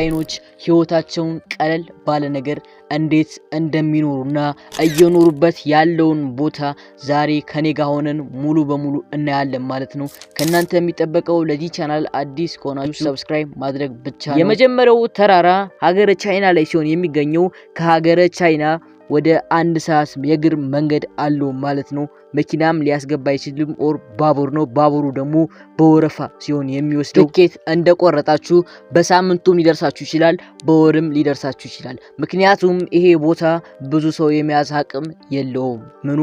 ቻይኖች ህይወታቸውን ቀለል ባለ ነገር እንዴት እንደሚኖሩና እየኖሩበት ያለውን ቦታ ዛሬ ከኔ ጋር ሆነን ሙሉ በሙሉ እናያለን ማለት ነው። ከእናንተ የሚጠበቀው ለዚህ ቻናል አዲስ ከሆናችሁ ሰብስክራይብ ማድረግ ብቻ ነው። የመጀመሪያው ተራራ ሀገረ ቻይና ላይ ሲሆን የሚገኘው ከሀገረ ቻይና ወደ አንድ ሰዓት የእግር መንገድ አለው ማለት ነው። መኪናም ሊያስገባ አይችልም። ኦር ባቡር ነው። ባቡሩ ደግሞ በወረፋ ሲሆን የሚወስደው ትኬት እንደቆረጣችሁ በሳምንቱም ሊደርሳችሁ ይችላል፣ በወርም ሊደርሳችሁ ይችላል። ምክንያቱም ይሄ ቦታ ብዙ ሰው የመያዝ አቅም የለውም። ምኑ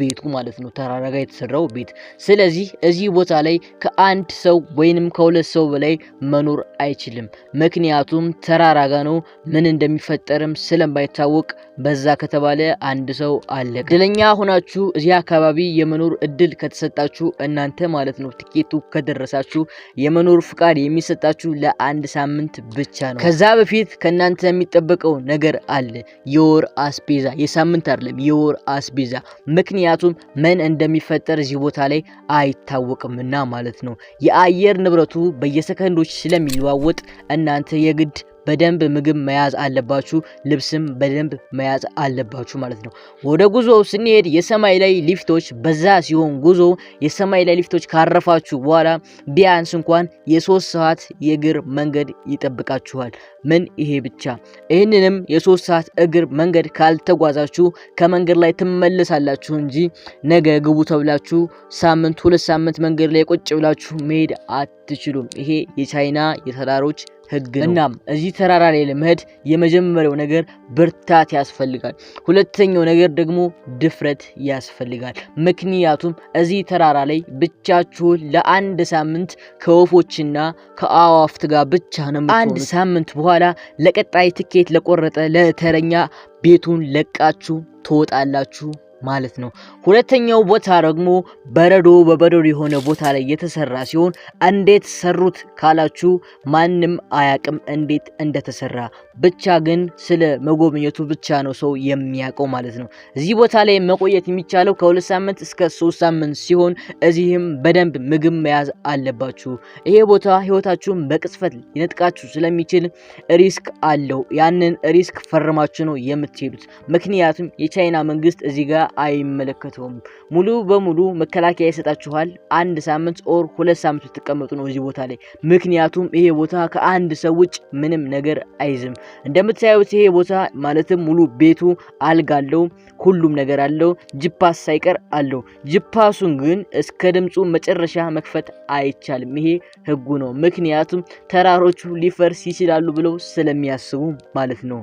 ቤቱ ማለት ነው፣ ተራራጋ የተሰራው ቤት። ስለዚህ እዚህ ቦታ ላይ ከአንድ ሰው ወይንም ከሁለት ሰው በላይ መኖር አይችልም። ምክንያቱም ተራራጋ ነው። ምን እንደሚፈጠርም ስለማይታወቅ በዛ ከተባለ አንድ ሰው አለ። እድለኛ ሆናችሁ እዚህ አካባቢ የመኖር እድል ከተሰጣችሁ እናንተ ማለት ነው ትኬቱ ከደረሳችሁ የመኖር ፍቃድ የሚሰጣችሁ ለአንድ ሳምንት ብቻ ነው። ከዛ በፊት ከእናንተ የሚጠበቀው ነገር አለ። የወር አስቤዛ፣ የሳምንት አይደለም የወር አስቤዛ። ምክንያቱም ምን እንደሚፈጠር እዚህ ቦታ ላይ አይታወቅምና ማለት ነው። የአየር ንብረቱ በየሰከንዶች ስለሚለዋወጥ እናንተ የግድ በደንብ ምግብ መያዝ አለባችሁ፣ ልብስም በደንብ መያዝ አለባችሁ ማለት ነው። ወደ ጉዞ ስንሄድ የሰማይ ላይ ሊፍቶች በዛ ሲሆን ጉዞ የሰማይ ላይ ሊፍቶች ካረፋችሁ በኋላ ቢያንስ እንኳን የሶስት ሰዓት የእግር መንገድ ይጠብቃችኋል። ምን ይሄ ብቻ! ይህንንም የሶስት ሰዓት እግር መንገድ ካልተጓዛችሁ ከመንገድ ላይ ትመለሳላችሁ እንጂ ነገ ግቡ ተብላችሁ ሳምንት ሁለት ሳምንት መንገድ ላይ ቁጭ ብላችሁ መሄድ አትችሉም። ይሄ የቻይና የተራሮች ህግ ነው። እናም እዚህ ተራራ ላይ ለመሄድ የመጀመሪያው ነገር ብርታት ያስፈልጋል። ሁለተኛው ነገር ደግሞ ድፍረት ያስፈልጋል። ምክንያቱም እዚህ ተራራ ላይ ብቻችሁን ለአንድ ሳምንት ከወፎችና ከአዋፍት ጋር ብቻ ነው። አንድ ሳምንት በኋላ ለቀጣይ ትኬት ለቆረጠ ለተረኛ ቤቱን ለቃችሁ ትወጣላችሁ ማለት ነው። ሁለተኛው ቦታ ደግሞ በረዶ በበረዶ የሆነ ቦታ ላይ የተሰራ ሲሆን እንዴት ሰሩት ካላችሁ ማንም አያቅም እንዴት እንደተሰራ ብቻ ግን ስለ መጎብኘቱ ብቻ ነው ሰው የሚያውቀው ማለት ነው። እዚህ ቦታ ላይ መቆየት የሚቻለው ከሁለት ሳምንት እስከ ሶስት ሳምንት ሲሆን እዚህም በደንብ ምግብ መያዝ አለባችሁ። ይሄ ቦታ ህይወታችሁን በቅጽበት ሊነጥቃችሁ ስለሚችል ሪስክ አለው። ያንን ሪስክ ፈርማችሁ ነው የምትሄዱት። ምክንያቱም የቻይና መንግስት እዚህ ጋር አይመለከተውም። ሙሉ በሙሉ መከላከያ ይሰጣችኋል። አንድ ሳምንት ኦር ሁለት ሳምንት ብትቀመጡ ነው እዚህ ቦታ ላይ። ምክንያቱም ይሄ ቦታ ከአንድ ሰው ውጭ ምንም ነገር አይዝም። እንደምታዩት ይሄ ቦታ ማለትም ሙሉ ቤቱ አልጋ አለው፣ ሁሉም ነገር አለው፣ ጅፓስ ሳይቀር አለው። ጅፓሱን ግን እስከ ድምፁ መጨረሻ መክፈት አይቻልም። ይሄ ህጉ ነው። ምክንያቱም ተራሮቹ ሊፈርስ ይችላሉ ብለው ስለሚያስቡ ማለት ነው።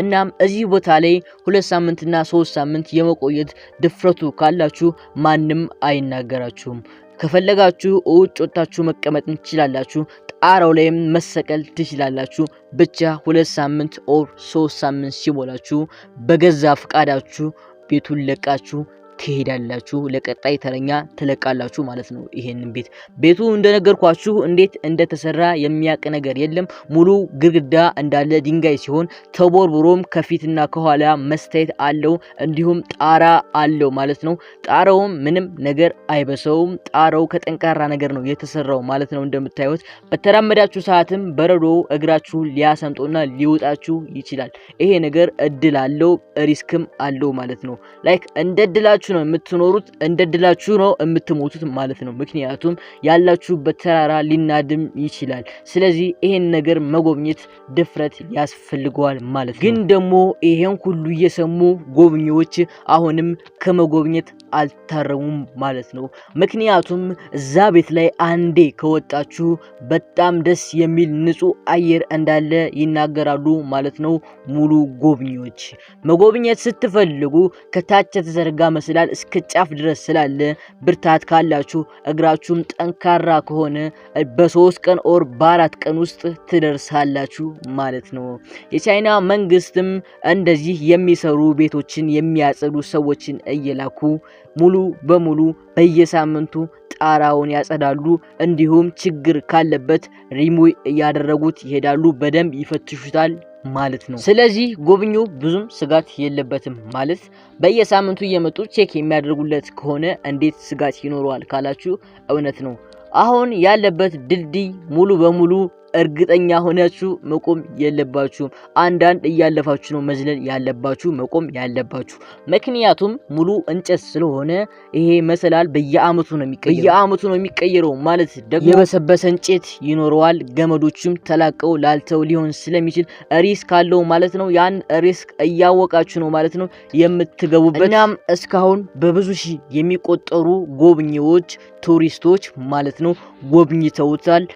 እናም እዚህ ቦታ ላይ ሁለት ሳምንትና ሶስት ሳምንት የመቆየት ድፍረቱ ካላችሁ ማንም አይናገራችሁም። ከፈለጋችሁ ውጭ ወጥታችሁ መቀመጥ ትችላላችሁ። ጣራው ላይም መሰቀል ትችላላችሁ። ብቻ ሁለት ሳምንት ኦር ሶስት ሳምንት ሲሞላችሁ በገዛ ፈቃዳችሁ ቤቱን ለቃችሁ ትሄዳላችሁ፣ ለቀጣይ ተረኛ ትለቃላችሁ ማለት ነው። ይሄንን ቤት ቤቱ እንደነገርኳችሁ እንዴት እንደተሰራ የሚያቅ ነገር የለም። ሙሉ ግድግዳ እንዳለ ድንጋይ ሲሆን ተቦርቦሮም ከፊትና ከኋላ መስታየት አለው፣ እንዲሁም ጣራ አለው ማለት ነው። ጣራውም ምንም ነገር አይበሰውም። ጣራው ከጠንካራ ነገር ነው የተሰራው ማለት ነው። እንደምታዩት በተራመዳችሁ ሰዓትም በረዶ እግራችሁ ሊያሰምጦና ሊወጣችሁ ይችላል። ይሄ ነገር እድል አለው ሪስክም አለው ማለት ነው። ላይክ እንደ እድላችሁ እንደድላችሁ ነው የምትኖሩት፣ እንደድላችሁ ነው የምትሞቱት ማለት ነው። ምክንያቱም ያላችሁበት ተራራ ሊናድም ይችላል። ስለዚህ ይሄን ነገር መጎብኘት ድፍረት ያስፈልገዋል ማለት ነው። ግን ደግሞ ይሄን ሁሉ እየሰሙ ጎብኚዎች አሁንም ከመጎብኘት አልታረሙም ማለት ነው። ምክንያቱም እዛ ቤት ላይ አንዴ ከወጣችሁ በጣም ደስ የሚል ንጹህ አየር እንዳለ ይናገራሉ ማለት ነው። ሙሉ ጎብኚዎች መጎብኘት ስትፈልጉ ከታች የተዘረጋ መስላ ይላል እስከ ጫፍ ድረስ ስላለ ብርታት ካላችሁ እግራችሁም ጠንካራ ከሆነ በሶስት ቀን ኦር በአራት ቀን ውስጥ ትደርሳላችሁ ማለት ነው። የቻይና መንግስትም እንደዚህ የሚሰሩ ቤቶችን የሚያጸዱ ሰዎችን እየላኩ ሙሉ በሙሉ በየሳምንቱ ጣራውን ያጸዳሉ። እንዲሁም ችግር ካለበት ሪሙ እያደረጉት ይሄዳሉ። በደንብ ይፈትሹታል ማለት ነው። ስለዚህ ጎብኚው ብዙም ስጋት የለበትም ማለት በየሳምንቱ እየመጡ ቼክ የሚያደርጉለት ከሆነ እንዴት ስጋት ይኖረዋል ካላችሁ እውነት ነው። አሁን ያለበት ድልድይ ሙሉ በሙሉ እርግጠኛ ሆናችሁ መቆም የለባችሁም። አንዳንድ እያለፋችሁ ነው መዝለል ያለባችሁ መቆም ያለባችሁ። ምክንያቱም ሙሉ እንጨት ስለሆነ ይሄ መሰላል በየአመቱ ነው የሚቀየረው በየአመቱ ነው የሚቀየረው። ማለት ደግሞ የበሰበሰ እንጨት ይኖረዋል። ገመዶችም ተላቀው ላልተው ሊሆን ስለሚችል ሪስክ አለው ማለት ነው። ያን ሪስክ እያወቃችሁ ነው ማለት ነው የምትገቡበት። እናም እስካሁን በብዙ ሺህ የሚቆጠሩ ጎብኚዎች ቱሪስቶች ማለት ነው ጎብኝተውታል።